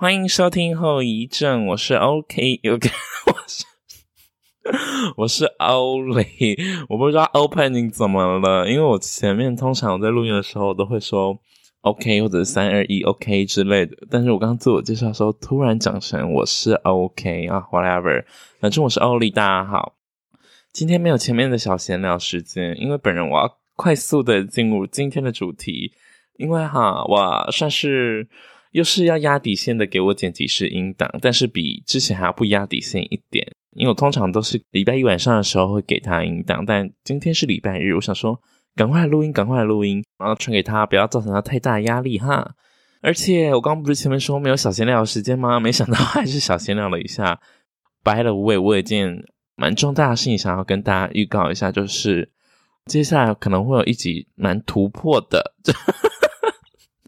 歡迎收聽後遺症，我是 OK，OK，我是我是歐里，我不知道 Opening 怎麼了，因為我前面通常我在錄音的時候都會說 OK 或者三二一 OK 之類的，但是我剛剛自我介紹的時候突然講成我是 OK 啊，oh，Whatever，反正我是歐里。大家好。今天沒有前面的小閒聊時間，因為本人我要快速的進入今天的主題，因為哈，我算是。又是要壓底線的，給我剪輯師音檔，但是比之前還要不壓底線一點。因為我通常都是禮拜一晚上的時候會給他音檔，但今天是禮拜日，我想說，趕快錄音，趕快錄音，然後傳給他，不要造成他太大壓力哈。而且我剛不是前面說沒有小閒聊的時間嗎？沒想到還是小閒聊了一下。By the way，我有件蠻重大的事情想要跟大家預告一下，就是接下來可能會有一集蠻突破的。就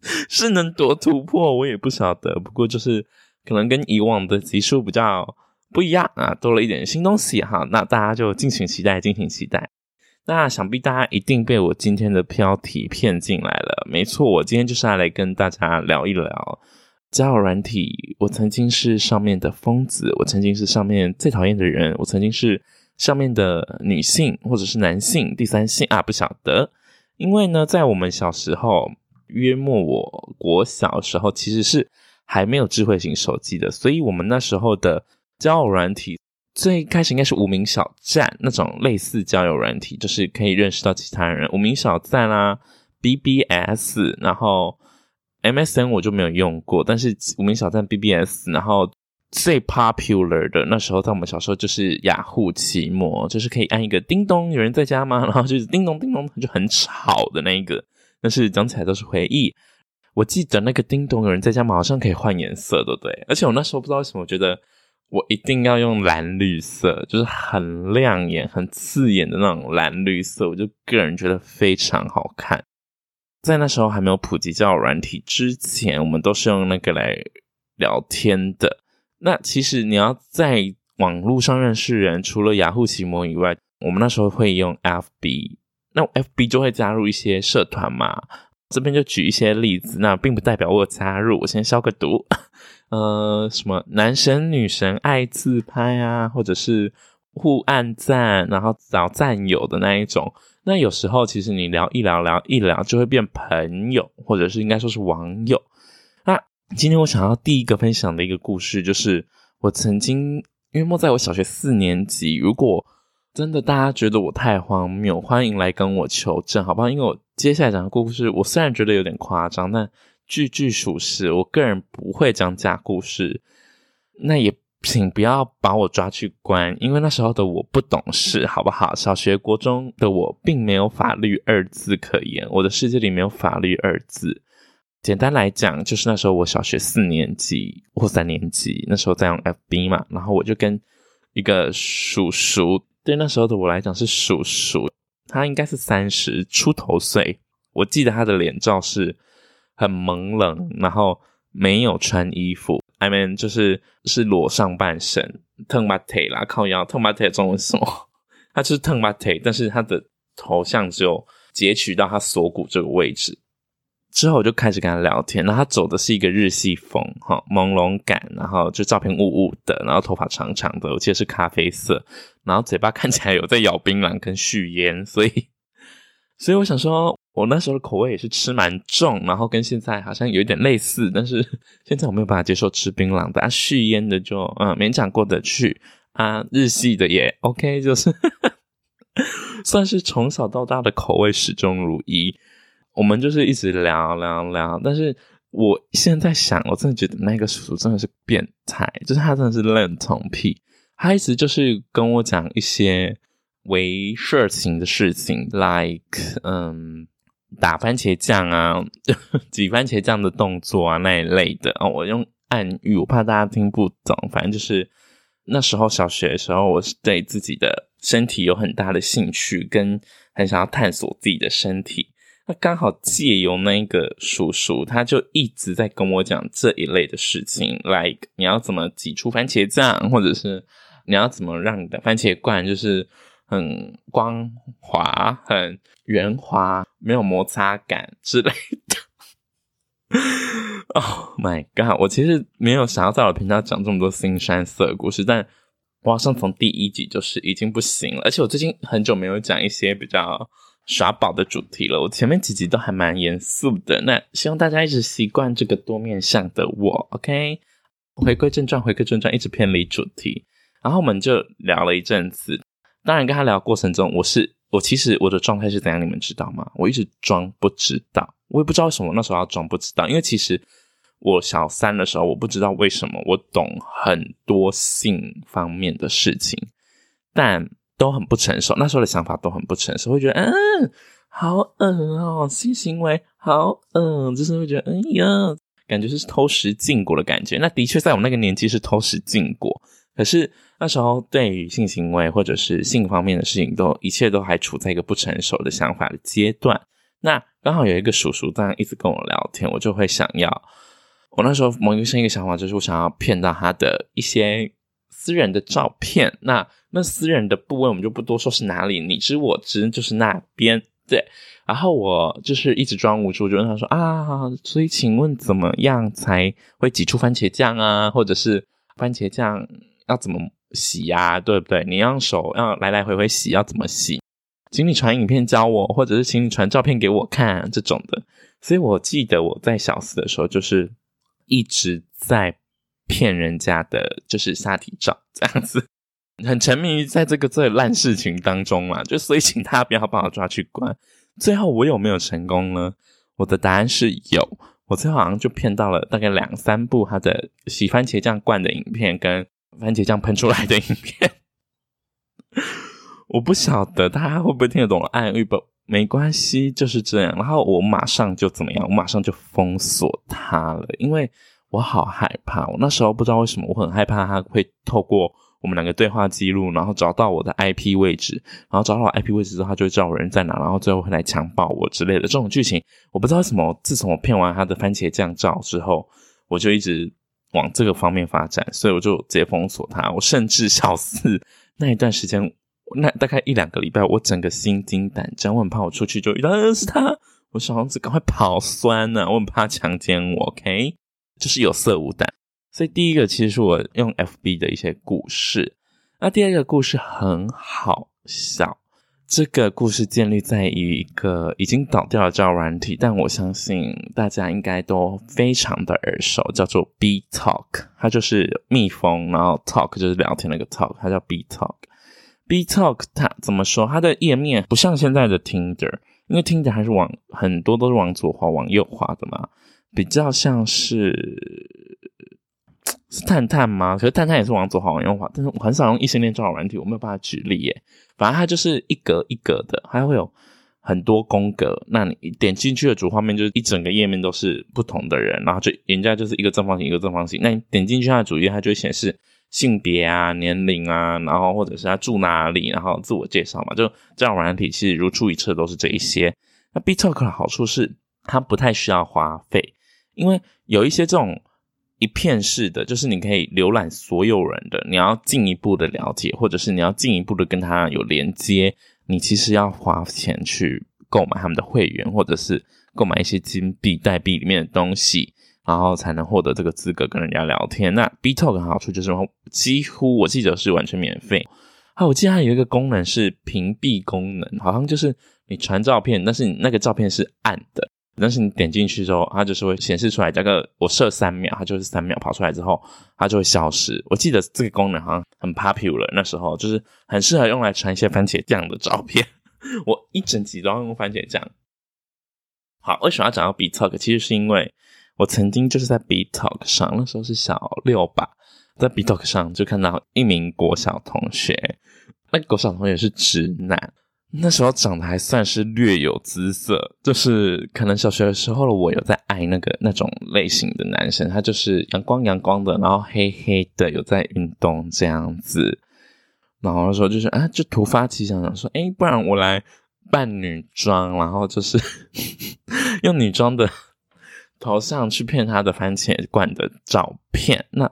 是能多突破，我也不曉得。不過就是可能跟以往的集數比較不一樣啊，多了一點新東西哈、啊。那大家就敬請期待，敬請期待。那想必大家一定被我今天的標題騙進來了，沒錯，我今天就是要來跟大家聊一聊交友軟體。我曾經是上面的瘋子，我曾經是上面最討厭的人，我曾經是上面的女性或者是男性第三性啊，不曉得。因為呢，在我們小時候。.約莫我國小時候其實是還沒有智慧型手機的，所以我們那時候的交友軟體最開始應該是無名小站那種類似交友軟體，就是可以認識到其他人，無名小站啦、啊、BBS，然後 MSN 我就沒有用過，但是無名小站、BBS，然後最 popular 的那時候在我們小時候就是雅虎、ah、奇摩，就是可以按一個叮咚，有人在家嗎，然後就是叮咚叮咚就很吵的那一個。但是講起來都是回憶，我記得那個叮咚有人在家馬上可以換顏色，對不對？而且我那時候不知道為什麼，我覺得我一定要用藍綠色，就是很亮眼、很刺眼的那種藍綠色，我就個人覺得非常好看。在那時候還沒有普及交友軟體之前，我們都是用那個來聊天的。那其實你要在網路上認識人，除了雅虎奇摩以外，我們那時候會用 FB。那 FB 就會加入一些社團嘛？這邊就舉一些例子，那並不代表我有加入。我先消個毒，呃，什麼男神女神愛自拍啊，或者是互按讚，然後找讚友的那一種。那有時候其實你聊一聊，聊一聊就會變朋友，或者是應該說是網友。那今天我想要第一個分享的一個故事，就是我曾經，約莫在我小學四年級，如果。真的，大家覺得我太荒謬，沒有歡迎來跟我求證，好不好？因為我接下來講的故事，我雖然覺得有點誇張，但句句屬實。我個人不會講假故事，那也請不要把我抓去關，因為那時候的我不懂事，好不好？小學、國中的我，並沒有法律二字可言，我的世界裡沒有法律二字。簡單來講，就是那時候我小學四年級或三年級，那時候在用 FB 嘛，然後我就跟一個叔叔。對那時候的我來講是叔叔，他應該是三十出頭歲。我記得他的臉照是很朦朧，然後沒有穿衣服，I mean 就是、就是裸上半身，tumate 啦，靠腰，tumate 中文什麼？他就是 tumate，但是他的頭像只有截取到他鎖骨這個位置。之後我就開始跟他聊天，然後他走的是一個日系風，哈，朦朧感，然後就照片霧霧的，然後頭髮長長的，我記得是咖啡色，然後嘴巴看起來有在咬檳榔跟續菸，所以，所以我想說，我那時候的口味也是吃蠻重，然後跟現在好像有一點類似，但是現在我沒有辦法接受吃檳榔的啊，續菸的就嗯勉強過得去啊，日系的也 OK，就是 算是從小到大的口味始終如一。我們就是一直聊聊聊，但是我現在想，我真的覺得那個叔叔真的是變態，就是他真的是戀童癖，他一直就是跟我講一些猥褻性的事情，like 嗯，打番茄醬啊，擠番茄醬的動作啊那一類的。哦、我用暗語，我怕大家聽不懂，反正就是那時候小學的時候，我是對自己的身體有很大的興趣，跟很想要探索自己的身體。剛好借由那個叔叔，他就一直在跟我講這一類的事情，like 你要怎麼擠出番茄醬，或者是你要怎麼讓你的番茄罐就是很光滑、很圓滑、沒有摩擦感之類的。Oh my god！我其實沒有想要在我頻道講這麼多腥膻色故事，但我好像從第一集就是已經不行了，而且我最近很久沒有講一些比較。耍寶的主題了，我前面幾集都還蠻嚴肅的，那希望大家一直習慣這個多面向的我，OK？回歸正傳，回歸正傳，一直偏離主題，然後我們就聊了一陣子。當然跟他聊過程中，我是我其實我的狀態是怎樣，你們知道嗎？我一直裝不知道，我也不知道為什麼那時候要裝不知道，因為其實我小三的時候，我不知道為什麼我懂很多性方面的事情，但。都很不成熟，那時候的想法都很不成熟，會覺得嗯、啊，好噁、呃、心、哦，性行為好噁、呃、就是會覺得哎呀，感覺是偷食禁果的感覺。那的確在我那個年紀是偷食禁果，可是那時候對於性行為或者是性方面的事情都，都一切都還處在一個不成熟的想法的階段。那剛好有一個叔叔這樣一直跟我聊天，我就會想要，我那時候萌生一個想法，就是我想要騙到他的一些。私人的照片，那那私人的部位我們就不多說，是哪裡你知我知，就是那邊對。然後我就是一直裝無辜，就問他說啊，所以請問怎麼樣才會擠出番茄醬啊？或者是番茄醬要怎麼洗呀、啊？對不對？你讓手要來來回回洗，要怎麼洗？請你傳影片教我，或者是請你傳照片給我看這種的。所以我記得我在小四的時候就是一直在。騙人家的就是下體照這樣子，很沉迷於在這個最爛事情當中嘛，就所以請大家不要把我抓去關。最後我有沒有成功呢？我的答案是有，我最後好像就騙到了大概兩三部他的洗番茄醬罐的影片跟番茄醬噴出來的影片。我不曉得大家會不會聽得懂暗喻，不沒關係，就是這樣。然後我馬上就怎麼樣？我馬上就封鎖他了，因為。我好害怕，我那時候不知道為什麼，我很害怕他會透過我們兩個對話記錄，然後找到我的 IP 位置，然後找到我的 IP 位置之後，他就會知道我人在哪，然後最後會來強暴我之類的這種劇情。我不知道為什麼，自從我騙完他的番茄醬照之後，我就一直往這個方面發展，所以我就直接封鎖他。我甚至小四那一段時間，那大概一兩個禮拜，我整個心驚膽戰，我很怕我出去就遇到的是他，我小王子趕快跑酸了，啊，我很怕強奸我，OK。就是有色無膽，所以第一個其實是我用 FB 的一些故事，那第二個故事很好笑。這個故事建立在於一個已經倒掉了叫軟體，但我相信大家應該都非常的耳熟，叫做 B Talk，它就是蜜蜂，然後 Talk 就是聊天那個 Talk，它叫 B Talk。B Talk 它,它怎麼說？它的頁面不像現在的 Tinder，因為 Tinder 還是往很多都是往左滑往右滑的嘛。比較像是是探探嗎？可是探探也是往左滑往右滑，但是我很少用異性戀這種軟體，我沒有辦法舉例耶。反正它就是一格一格的，它會有很多宮格。那你點進去的主畫面就是一整個頁面都是不同的人，然後就人家就是一個正方形一個正方形。那你點進去它的主頁，它就會顯示性別啊、年齡啊，然後或者是他住哪裡，然後自我介紹嘛。就這樣軟體其實如出一轍，都是這一些。嗯、那 BeeTalk 的好處是它不太需要花費。因為有一些這種一片式的，就是你可以瀏覽所有人的，你要進一步的了解，或者是你要進一步的跟他有連接，你其實要花錢去購買他們的會員，或者是購買一些金幣、代幣裡面的東西，然後才能獲得這個資格跟人家聊天。那 BeeTalk 的好處就是幾乎我記得是完全免費。有、啊、我記得他有一個功能是屏蔽功能，好像就是你傳照片，但是你那個照片是暗的。但是你點進去之後，它就是會顯示出來。這個我設三秒，它就是三秒跑出來之後，它就會消失。我記得這個功能好像很 popular，那時候就是很適合用來傳一些番茄醬的照片。 我一整集都要用番茄醬。好，為什麼要講到 BeeTalk？其實是因為我曾經就是在 BeeTalk 上，那時候是小六吧，在 BeeTalk 上就看到一名國小同學，那個、國小同學是直男。那時候長得還算是略有姿色，就是可能小學的時候了。我有在愛那個那種類型的男生，他就是陽光陽光的，然後黑黑的，有在運動這樣子。然後說就是啊，就突發奇想想說，哎、欸，不然我來扮女裝，然後就是 用女裝的頭像去騙他的番茄罐的照片。那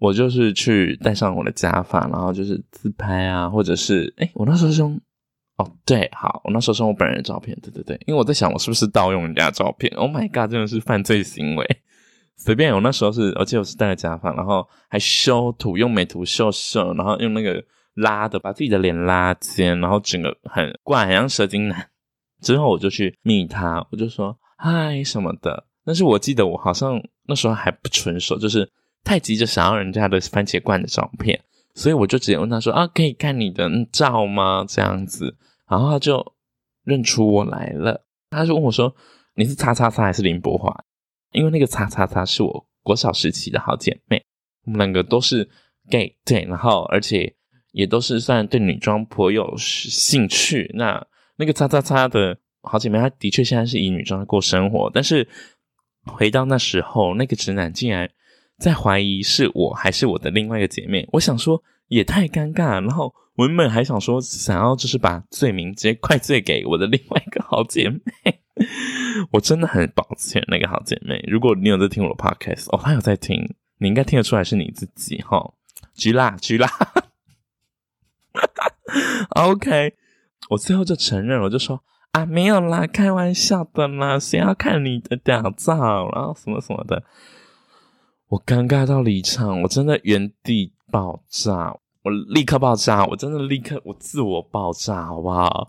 我就是去戴上我的假髮，然後就是自拍啊，或者是哎、欸，我那時候是用。哦，oh, 對，好，我那時候是我本人的照片，對對對，因為我在想我是不是盜用人家的照片，Oh my god，真的是犯罪行為。隨便，我那時候是，而且我是戴了假髮，然後還修圖，用美圖秀秀，然後用那個拉的，把自己的臉拉尖，然後整個很怪，好像蛇精男。之後我就去蜜他，我就說嗨什麼的，但是我記得我好像那時候還不純熟，就是太急着想要人家的番茄罐的照片。所以我就直接問他說：“啊，可以看你的照嗎？”這樣子，然後他就認出我來了。他就問我說：“你是叉叉叉還是林博華？”因為那個叉叉叉是我國小時期的好姐妹，我們兩個都是 gay，對，然後而且也都是算對女裝頗有興趣。那那個叉叉叉的好姐妹，她的確現在是以女裝過生活，但是回到那時候，那個直男竟然。在懷疑是我還是我的另外一個姐妹？我想說也太尷尬。然後文本還想說想要就是把罪名直接怪罪給我的另外一個好姐妹。 我真的很抱歉那個好姐妹。如果你有在聽我的 podcast，我、哦、他有在聽，你應該聽得出來是你自己齁，居啦居啦。 OK，我最後就承認了，我就說啊沒有啦，開玩笑的啦，誰要看你的屌照，然後什麼什麼的。我尷尬到離場，我真的原地爆炸，我立刻爆炸，我真的立刻我自我爆炸，好不好？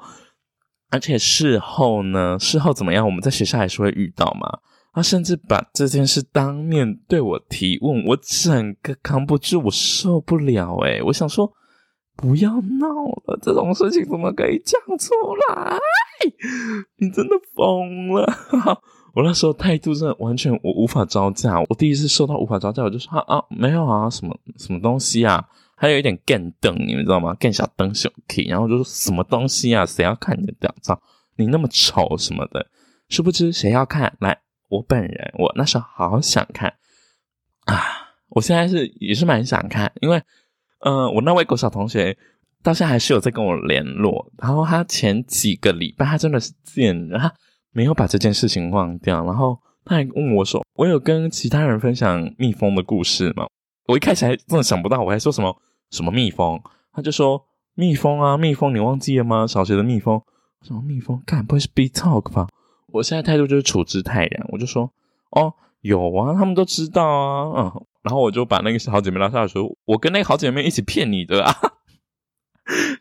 而且事後呢？事後怎麼樣？我們在學校還是會遇到嗎？他、啊、甚至把這件事當面對我提問，我整個扛不住，我受不了、欸，哎，我想說不要鬧了，這種事情怎麼可以講出來？你真的瘋了！ 我那時候態度真的完全無我無法招架，我第一次受到無法招架，我就說啊，啊沒有啊什麼什麼東西啊，還有一點更瞪，你們知道嗎？更小瞪小 K，然後我就說什麼東西啊，誰要看你的吊照，你那麼醜什麼的？殊不知誰要看？來我本人，我那時候好想看啊！我現在是也是蠻想看，因為嗯、呃，我那位國小同學到現在還是有在跟我聯絡，然後他前幾個禮拜他真的是賤啊！然後他沒有把這件事情忘掉，然後他還問我說：“我有跟其他人分享蜜蜂的故事嗎？”我一開始還真的想不到，我還說什麼什麼蜜蜂，他就說：“蜜蜂啊，蜜蜂，你忘記了嗎？小學的蜜蜂，什麼蜜蜂？該不會是 BeeTalk 吧？”我現在態度就是處之泰然，我就說：“哦，有啊，他們都知道啊。”嗯，然後我就把那個好姐妹拉下來說：“我跟那個好姐妹一起騙你的啊。”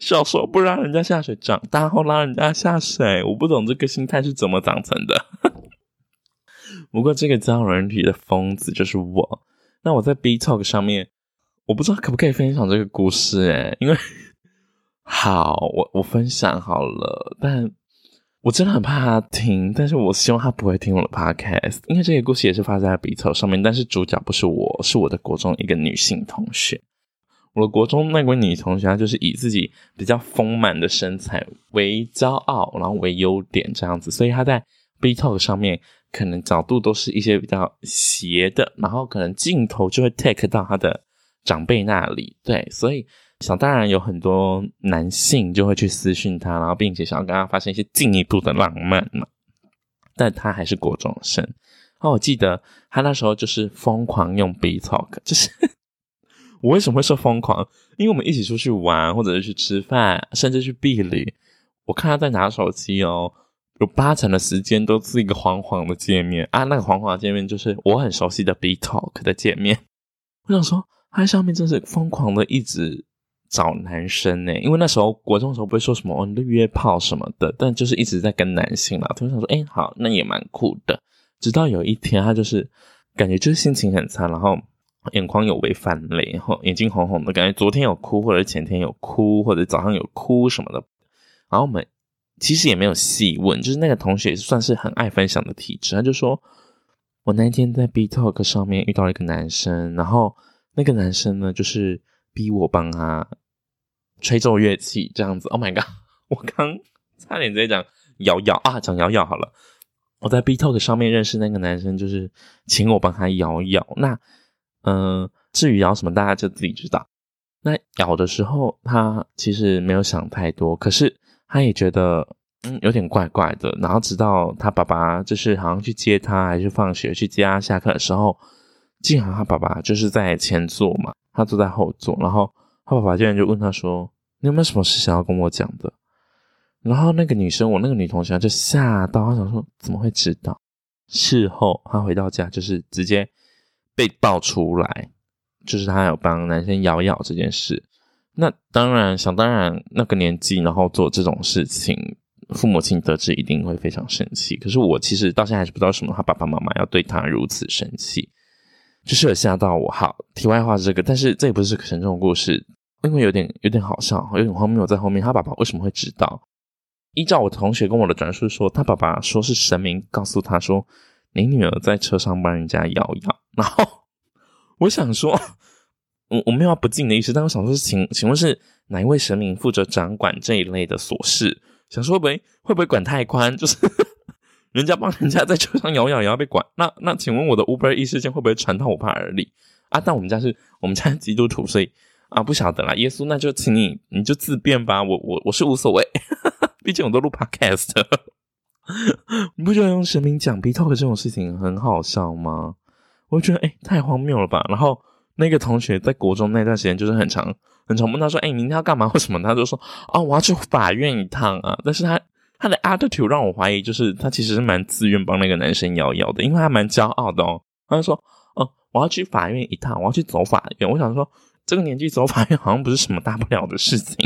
小時候不拉人家下水，長大後拉人家下水，我不懂這個心態是怎麼長成的。 不過這個張人皮的瘋子就是我。那我在 BeeTalk 上面，我不知道可不可以分享這個故事誒、欸，因為好，我我分享好了，但我真的很怕他聽，但是我希望他不會聽我的 Podcast，因為這個故事也是發生在 BeeTalk 上面，但是主角不是我，是我的國中一個女性同學。我的國中那位女同學，她就是以自己比較豐滿的身材為驕傲，然後為優點這樣子，所以她在 BeeTalk 上面可能角度都是一些比較斜的，然後可能鏡頭就會 take 到她的長輩那裡。對，所以想當然有很多男性就會去私訊她，然後並且想要跟她發生一些進一步的浪漫嘛。但她還是國中生，那、哦、我記得她那時候就是瘋狂用 BeeTalk 就是。我為什麼會說瘋狂？因為我們一起出去玩，或者是去吃飯，甚至去畢旅。我看他在拿手機哦、喔，有八成的時間都是一個黃黃的界面啊。那個黃黃的界面就是我很熟悉的 BeeTalk 的界面。我想說，他上面真的是瘋狂的一直找男生呢、欸。因為那時候國中的時候不會說什麼哦，你約炮什麼的，但就是一直在跟男性嘛。他就想說，哎、欸，好，那也蠻酷的。直到有一天，他就是感覺就是心情很差，然後。眼眶有微泛淚，然後眼睛紅紅的，感覺昨天有哭，或者前天有哭，或者早上有哭什麼的。然後我們其實也沒有細問，就是那個同學也算是很愛分享的體質，他就說：“我那天在 BeeTalk 上面遇到了一個男生，然後那個男生呢，就是逼我幫他吹奏樂器這樣子。”Oh my god！我剛差點直接講咬咬啊，講咬咬好了。我在 BeeTalk 上面認識那個男生，就是請我幫他咬咬那。嗯，至於咬什麼，大家就自己知道。那咬的時候，他其實沒有想太多，可是他也覺得嗯有點怪怪的。然後直到他爸爸就是好像去接他，還是放學去接他下課的時候，竟然他爸爸就是在前座嘛，他坐在後座，然後他爸爸竟然就問他說：“你有沒有什麼事想要跟我講的？”然後那個女生，我那個女同學就嚇到，她想說：“怎麼會知道？”事後她回到家就是直接。被爆出來，就是他有幫男生咬咬這件事。那當然，想當然，那個年紀，然後做這種事情，父母親得知一定會非常生氣。可是我其實到現在還是不知道，為什麼他爸爸媽媽要對他如此生氣，就是有嚇到我。好，題外話是這個，但是這也不是沉重的故事，因為有點有點好笑，有點荒謬在後面。他爸爸為什麼會知道？依照我同學跟我的轉述說，他爸爸說是神明告訴他說：“你女兒在車上幫人家咬咬。”然後我想說，我我沒有要不敬的意思，但我想說請請問是哪一位神明負責掌管這一類的瑣事？想說會不會，會不會管太寬？就是呵呵人家幫人家在車上咬咬牙被管？那那請問我的 Uber 異世會不會傳到我爸耳裡啊？但我們家是我們家是基督徒，所以啊不曉得啦。耶穌，那就請你你就自便吧。我我我是無所謂，哈哈哈，畢竟我都錄 Podcast 了。你不覺得用神明講 BeeTalk 這種事情很好笑嗎？我覺得哎、欸，太荒謬了吧！然後那個同學在國中那段時間就是很常很常。問他說：“哎、欸，明天要幹嘛？為什麼？”他就說：“啊、哦，我要去法院一趟啊！”但是他他的 attitude 讓我懷疑，就是他其實是蠻自願幫那個男生搖搖的，因為他蠻驕傲的哦。他就說：“哦，我要去法院一趟，我要去走法院。”我想說，這個年紀走法院好像不是什麼大不了的事情。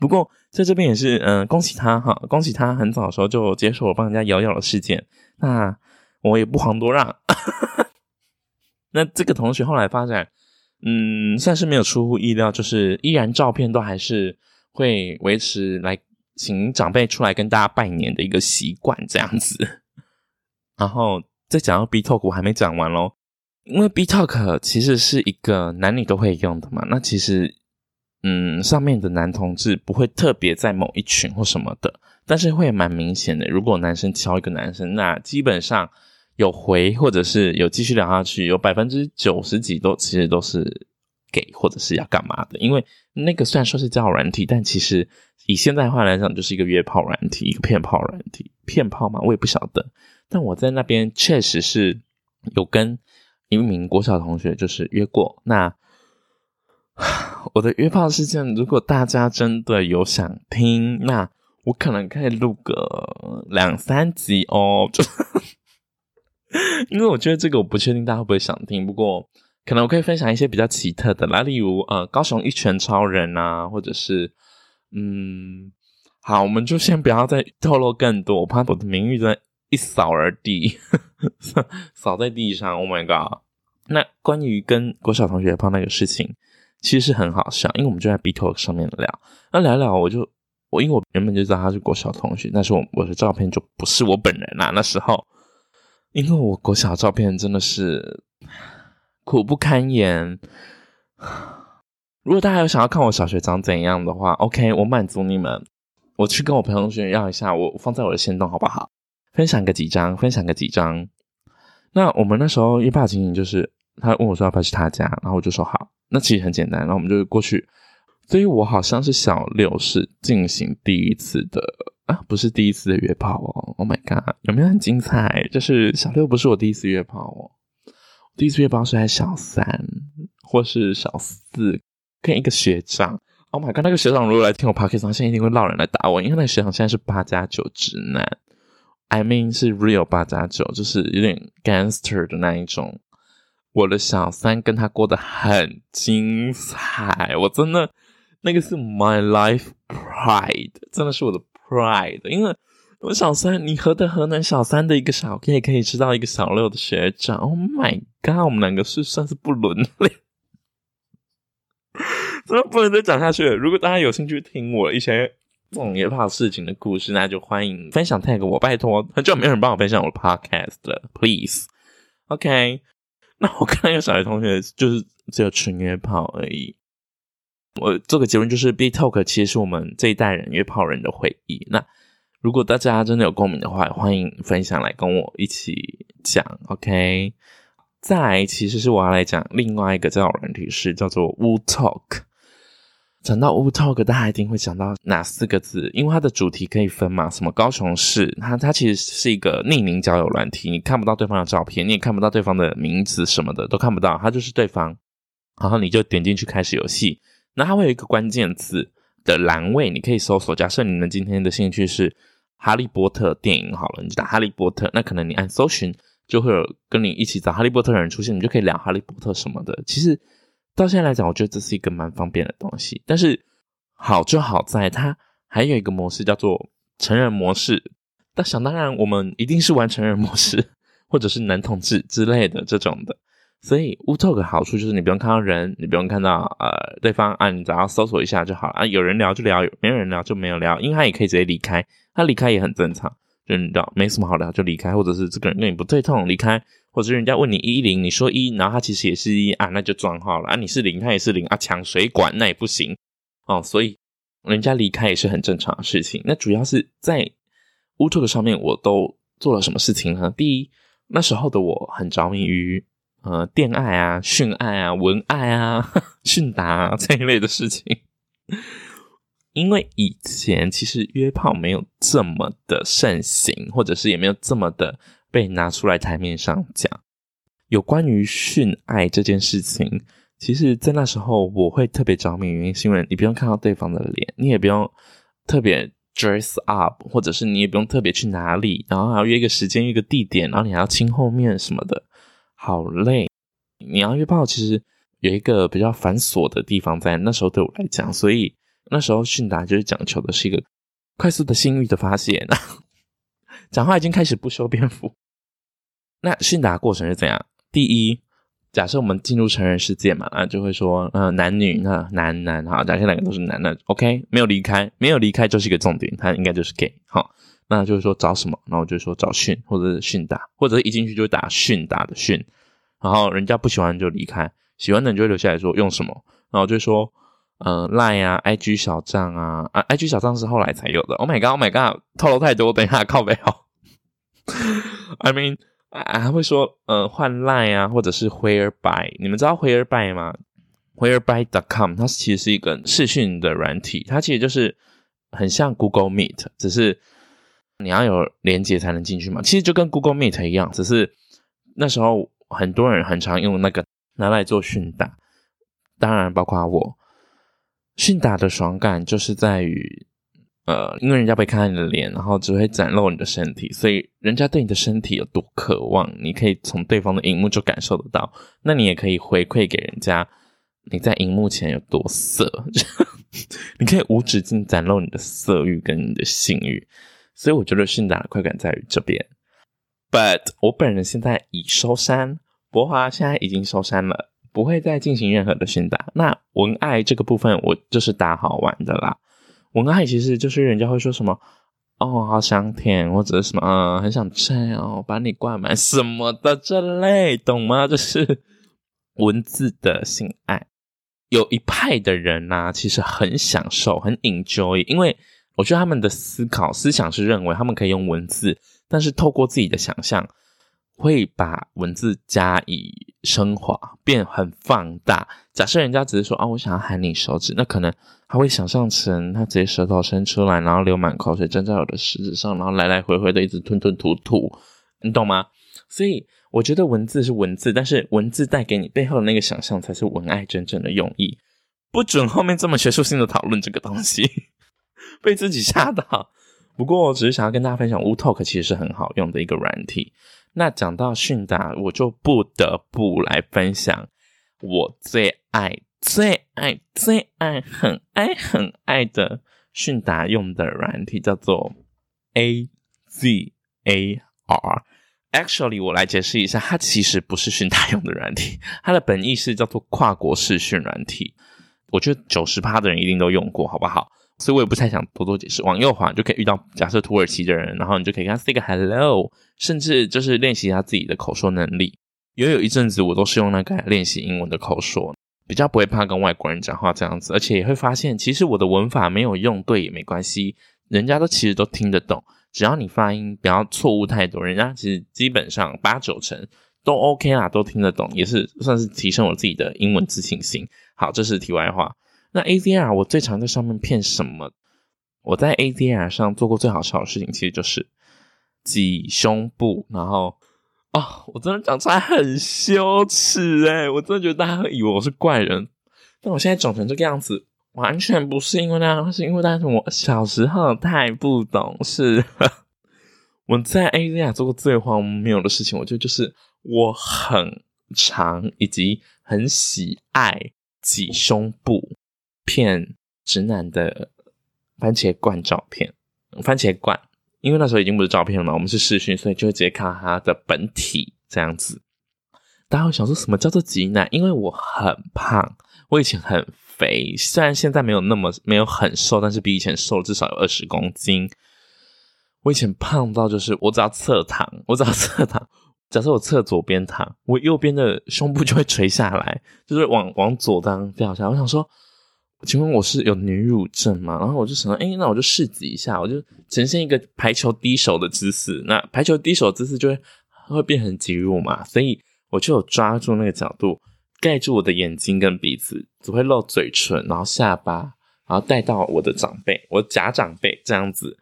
不過在這邊也是，嗯、呃，恭喜他哈，恭喜他很早的時候就接受了幫人家搖搖的事件。那我也不遑多讓。 那這個同學後來發展，嗯，算是沒有出乎意料，就是依然照片都還是會維持，來請長輩出來跟大家拜年的一個習慣這樣子。然後再講到 BeeTalk，我還沒講完嘍，因為 BeeTalk 其實是一個男女都會用的嘛。那其實，嗯，上面的男同志不會特別在某一群或什麼的，但是會蠻明顯的。如果男生敲一個男生，那基本上。有回，或者是有繼續聊下去有，有百分之九十幾都其實都是給，或者是要幹嘛的？因為那個雖然說是叫軟體，但其實以現在話來講，就是一個約炮軟體，一個騙炮軟體，騙炮嘛，我也不曉得。但我在那邊確實是有跟一名國小同學就是約過。那我的約炮事件，如果大家真的有想聽，那我可能可以錄個兩三集哦。 因為我覺得這個，我不確定大家會不會想聽，不過可能我可以分享一些比較奇特的啦，例如呃、高雄一拳超人啊，或者是嗯好，我們就先不要再透露更多，我怕我的名譽在一掃而地，掃在地上。Oh my god！那關於跟國小同學碰到那個事情，其實是很好笑，因為我們就在 BeeTalk 上面聊，那聊聊我就我因為我原本就知道他是國小同學，但是我我的照片就不是我本人啦，啊，那時候。因為我國小的照片真的是苦不堪言。如果大家有想要看我小學長怎樣的話，OK，我滿足你們。我去跟我朋友炫耀一下，我放在我的限動好不好？分享個幾張，分享個幾張。那我們那時候一把經營，就是他問我說要不要去他家，然後我就說好。那其實很簡單，然後我們就過去。所以我好像是小六是進行第一次的。啊，不是第一次的約炮哦！Oh my god，有沒有很精彩？就是小六不是我第一次約炮哦，第一次約炮是在小三或是小四跟一個學長。Oh my god，那個學長如果來聽我 podcast，他現在一定會落人來打我，因為那個學長現在是八加九直男。I mean 是 real 八加九，9, 就是有點 gangster 的那一種。我的小三跟他過得很精彩，我真的那個是 my life pride，真的是我的。Pride，因為我小三，你何德何能小三的一個小，可以可以吃到一個小六的學長。Oh my god，我們兩個是算是不倫理， 真的不能再講下去了。如果大家有興趣聽我一些這種約炮事情的故事，那就歡迎分享 tag 我，拜托，很久沒有人幫我分享我的 podcast 了。Please，OK，、okay. 那我看那個小學同學就是只有純約炮而已。我做個結論，就是 B Talk 其實是我們這一代人約炮人的回憶。那如果大家真的有共鳴的話，歡迎分享來跟我一起講。OK，再來其實是我要來講另外一個交友軟體是，是叫做 Woo Talk。講到 Woo Talk，大家一定會想到哪四個字？因為它的主題可以分嘛，什麼高雄市，它它其實是一個匿名交友軟體，你看不到對方的照片，你也看不到對方的名字什麼的，都看不到，它就是對方，然後你就點進去開始遊戲。那它會有一個關鍵詞的欄位，你可以搜索。假設你們今天的興趣是哈利波特電影，好了，你就打哈利波特。那可能你按搜尋，就會有跟你一起找哈利波特的人出現，你就可以聊哈利波特什麼的。其實到現在來講，我覺得這是一個蠻方便的東西。但是好就好在它還有一個模式叫做成人模式。那想當然，我們一定是玩成人模式，或者是男同志之類的這種的。所以，Wootalk 的好處就是你不用看到人，你不用看到呃對方啊，你只要搜索一下就好了啊。有人聊就聊，沒有人聊就沒有聊，因為他也可以直接離開。他離開也很正常，就你知道沒什麼好聊就離開，或者是這個人跟你不對頭離開，或者是人家問你一零，你說一，然後他其實也是一，啊，那就撞號了啊，你是零，他也是零啊，搶水管那也不行哦。所以，人家離開也是很正常的事情。那主要是在 Wootalk 上面，我都做了什麼事情呢？第一，那時候的我很着迷於。呃，電愛啊，訓愛啊，文愛啊，訓打啊這一類的事情，因為以前其實約炮沒有這麼的盛行，或者是也沒有這麼的被拿出來台面上講。有關於訓愛這件事情，其實，在那時候我會特別着迷，原因是因為你不用看到對方的臉，你也不用特別 dress up，或者是你也不用特別去哪裡，然後還要約一個時間、約一個地點，然後你還要親後面什麼的。好累，你要約炮其實有一個比較繁瑣的地方，在那時候對我來講。所以那時候迅達就是講求的是一個快速的性欲的發洩。啊，講話已經開始不修邊幅。那迅達過程是怎樣？第一，假設我們進入成人世界嘛，啊就會說，嗯，男女，那男男，好，假設兩個都是男的，OK，沒有離開，沒有離開就是一個重點，他應該就是 gay 哈。那就是說找什麼，然後我就說找訊，或者是訊打，或者一進去就會打訊打的訊，然後人家不喜歡就離開，喜歡的人就會留下來說用什麼，然後我就說，嗯、呃，Line 啊，IG 小賬啊，啊，IG 小賬是後來才有的。Oh my god，Oh my god，透露太多，等一下靠北好。 I mean，啊還會說，嗯、呃，換 Line 啊，或者是 Whereby，你們知道 Whereby 嗎？Whereby.com，它其實是一個視訊的軟體，它其實就是很像 Google Meet，只是。你要有連接才能進去嘛，其實就跟 Google Meet 一樣，只是那時候很多人很常用那個拿來做訊打，當然包括我。訊打的爽感就是在於，呃，因為人家不會看你的臉，然後只會展露你的身體，所以人家對你的身體有多渴望，你可以從對方的熒幕就感受得到。那你也可以回饋給人家，你在熒幕前有多色， 你可以無止境展露你的色欲跟你的性欲。所以我覺得訊打的快感在於這邊，But 我本人現在已收山，博華現在已經收山了，不會再進行任何的訊打。那文愛這個部分，我就是打好玩的啦。文愛其實就是人家會說什麼哦，好想舔或者什麼啊，很想吃哦、啊，然後把你灌滿什麼的這類，懂嗎？就是文字的性愛，有一派的人呢、啊，其實很享受，很 enjoy，因為。我覺得他們的思考思想是認為他們可以用文字，但是透過自己的想象，會把文字加以升華，變很放大。假設人家只是說啊，我想要喊你手指，那可能他會想象成他直接舌頭伸出來，然後流滿口水，粘在我的食指上，然後來來回回的一直吞吞吐吐吐，你懂嗎？所以我覺得文字是文字，但是文字帶給你背後的那個想象，才是文愛真正的用意。不准後面這麼學術性的討論這個東西。被自己嚇到，不過我只是想要跟大家分享 ，WooTalk 其實是很好用的一個軟體。那講到訊達，我就不得不來分享我最愛、最愛、最愛、很愛、很愛的訊達用的軟體，叫做 A Z A R。Actually，我來解釋一下，它其實不是訊達用的軟體，它的本意是叫做跨國視訊軟體。我覺得九十趴的人一定都用過，好不好？所以，我也不太想多多解釋。往右滑，就可以遇到假設土耳其的人，然後你就可以跟他 say 個 hello，甚至就是練習一下自己的口說能力。因為有一陣子，我都是用那個練習英文的口說，比較不會怕跟外國人講話這樣子，而且也會發現，其實我的文法沒有用對也沒關係，人家都其實都聽得懂，只要你發音不要錯誤太多，人家其實基本上八九成都 OK 啊，都聽得懂，也是算是提升我自己的英文自信心。好，這是題外話。那 ADR，我最常在上面騙什麼？我在 ADR 上做過最好笑的事情，其實就是擠胸部。然後啊、哦，我真的講出來很羞恥誒，我真的覺得大家會以為我是怪人。但我現在長成這個樣子，完全不是因為那樣，是因為大家是我小時候太不懂事。是 我在 ADR 做過最荒謬的事情，我覺得就是我很長，以及很喜愛擠胸部。片直男的番茄罐照片，番茄罐，因為那時候已經不是照片了嘛，我們是視訊，所以就會直接看他的本體這樣子。大家會想說什麼叫做擠奶？因為我很胖，我以前很肥，雖然現在沒有那麼沒有很瘦，但是比以前瘦了至少有二十公斤。我以前胖到就是我只要側躺，我只要側躺，假設我側左邊躺，我右邊的胸部就會垂下來，就是往往左邊掉下來。我想說。請問我是有女乳症嗎？然後我就想到，哎，那我就試擠一下，我就呈現一個排球低手的姿勢。那排球低手姿勢就會會變成擠乳嘛，所以我就有抓住那個角度，蓋住我的眼睛跟鼻子，只會露嘴唇，然後下巴，然後帶到我的長輩，我假長輩這樣子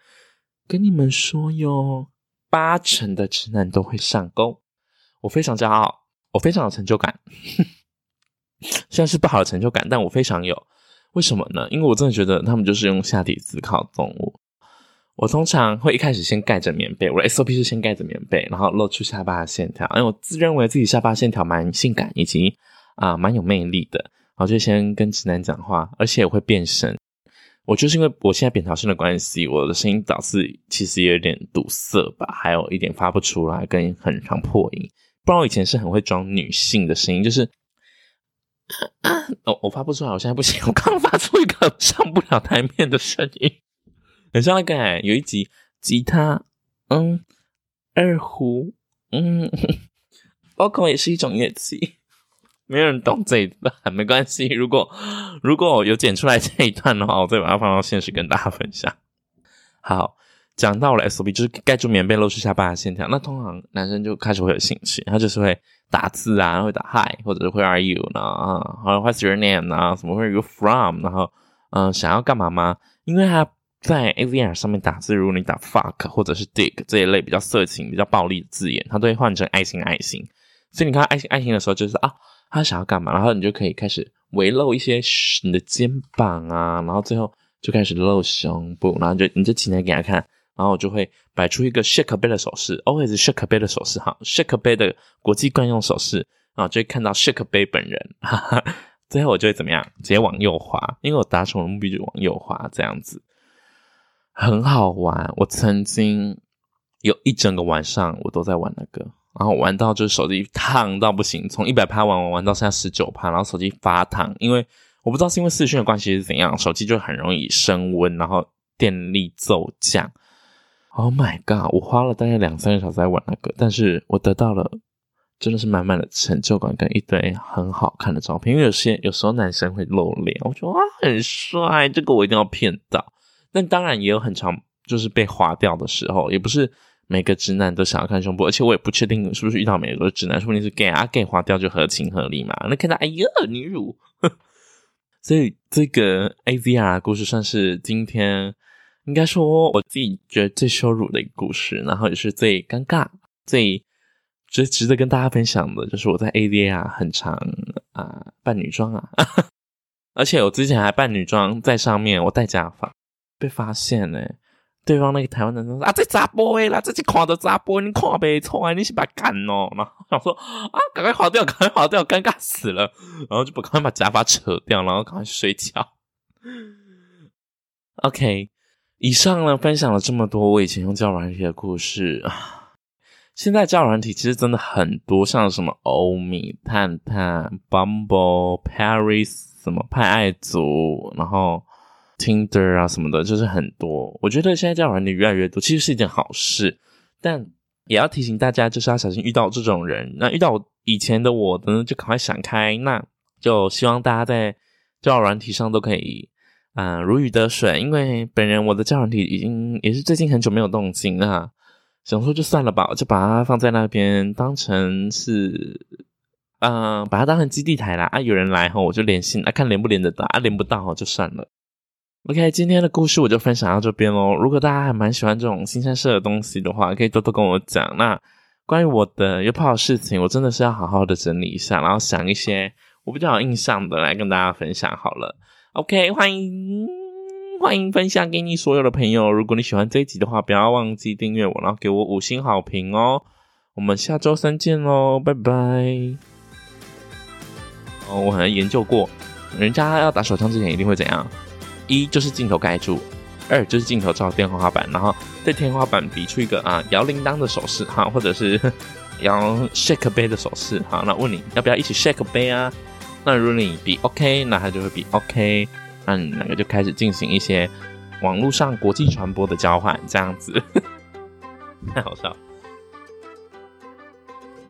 跟你們說喲，八成的直男都會上鈎。我非常驕傲，我非常有成就感。 雖然是不好的成就感，但我非常有。為什麼呢？因為我真的覺得他們就是用下體思考動物。我通常會一開始先蓋着棉被，我的 SOP 是先蓋着棉被，然後露出下巴的線條，因為我自認為自己下巴的線條蠻性感，以及啊蠻、呃、有魅力的。然後就先跟直男講話，而且也會變聲。我就是因為我現在扁桃腺的關係，我的聲音導致其實也有點堵塞吧，還有一點發不出來，跟很常破音。不然我以前是很會裝女性的聲音，就是。啊！我、哦、我發不出來，我現在不行，我剛發出一個上不了台面的聲音。很像一個、欸，有一集吉他，嗯，二胡，嗯，包括也是一種樂器。沒有人懂這一段，沒關係。如果如果有剪出來這一段的話，我再把它放到現實跟大家分享。好。講到了 S O B，就是蓋住棉被露出下巴的線條，那通常男生就開始會有興趣，他就是會打字啊，會打 Hi，或者是 Where are you 呢，然、uh, 後 What's your name 呢，什麼 Where you from？然後嗯、呃，想要幹嘛嗎？因為他在 A V R 上面打字，如果你打 Fuck 或者是 Dick 這一類比較色情、比較暴力的字眼，他都會換成愛心、愛心。所以你看愛心、愛心的時候，就是啊，他想要幹嘛？然後你就可以開始微露一些你的肩膀啊，然後最後就開始露胸部，然後就你就起來給他看。然後我就會擺出一個 shake 貝的手勢，always shake 貝的手勢，哈，shake 貝的, sh 的國際慣用手勢啊，然後就會看到 shake 貝本人哈哈。最後我就會怎麼樣？直接往右滑，因為我達成我的目的就往右滑，這樣子很好玩。我曾經有一整個晚上我都在玩那個，然後玩到就是手機燙到不行，從一百趴玩玩玩到現在十九趴，然後手機發燙，因為我不知道是因為視訊的關係是怎樣，手機就很容易升溫，然後電力驟降。Oh my god！我花了大概兩三個小時在玩那個，但是我得到了真的是滿滿的成就感跟一堆很好看的照片。因為有些有時候男生會露臉，我覺得哇，很帥，這個我一定要騙到。但當然也有很常就是被劃掉的時候，也不是每個直男都想要看胸部，而且我也不確定是不是遇到每個、就是、直男，說不定是,是 gay 啊 gay 劃掉就合情合理嘛。那看到哎呀，女乳， 所以這個 A Z R 故事算是今天。應該說，我自己覺得最羞辱的一個故事，然後也是最尷尬、最值值得跟大家分享的，就是我在 ADA 啊，很常啊、呃、扮女裝啊， 而且我之前還扮女裝在上面，我戴假髮被發現嘞。對方那個台灣、啊、男生啊在扎波威啦，自己看到扎波你看唄，錯你是把干哦，然後我說啊趕快滑掉，趕快滑掉，尷尬死了，然後就趕快把假髮扯掉，然後趕快去睡覺。 OK。以上呢，分享了這麼多我以前用交軟體的故事啊。 現在交軟體其實真的很多，像什麼歐米、探探、Bumble、Paris 什麼派愛族，然後 Tinder 啊什麼的，就是很多。我覺得現在交軟體越來越多，其實是一件好事，但也要提醒大家，就是要小心遇到這種人。那遇到以前的我的呢，就趕快閃開。那就希望大家在交軟體上都可以。啊、嗯，如魚得水，因為本人我的交軟體已經也是最近很久沒有動靜啊，想說就算了吧，我就把它放在那邊當成是，嗯，把它當成基地台啦，啊，有人來後我就連線啊，看連不連得到啊，連不到就算了。OK，今天的故事我就分享到這邊嘍。如果大家還蠻喜歡這種新鮮事的東西的話，可以多多跟我講。那關於我的約炮事情，我真的是要好好的整理一下，然後想一些我比較有印象的來跟大家分享好了。OK，歡迎歡迎分享給你所有的朋友。如果你喜歡這一集的話，不要忘記訂閱我，然後給我五星好評哦。我們下週三見嘍，拜拜。哦，我好像研究過，人家要打手槍之前一定會怎樣？一就是鏡頭蓋住，二就是鏡頭照天花板，然後在天花板比出一個啊搖鈴鐺的手勢，啊、或者是搖 shake 杯的手勢，好、啊，那問你要不要一起 shake 杯啊？那如果你比 OK，那他就會比 OK，那你兩個就開始進行一些網絡上國際傳播的交換，這樣子， 太好笑了。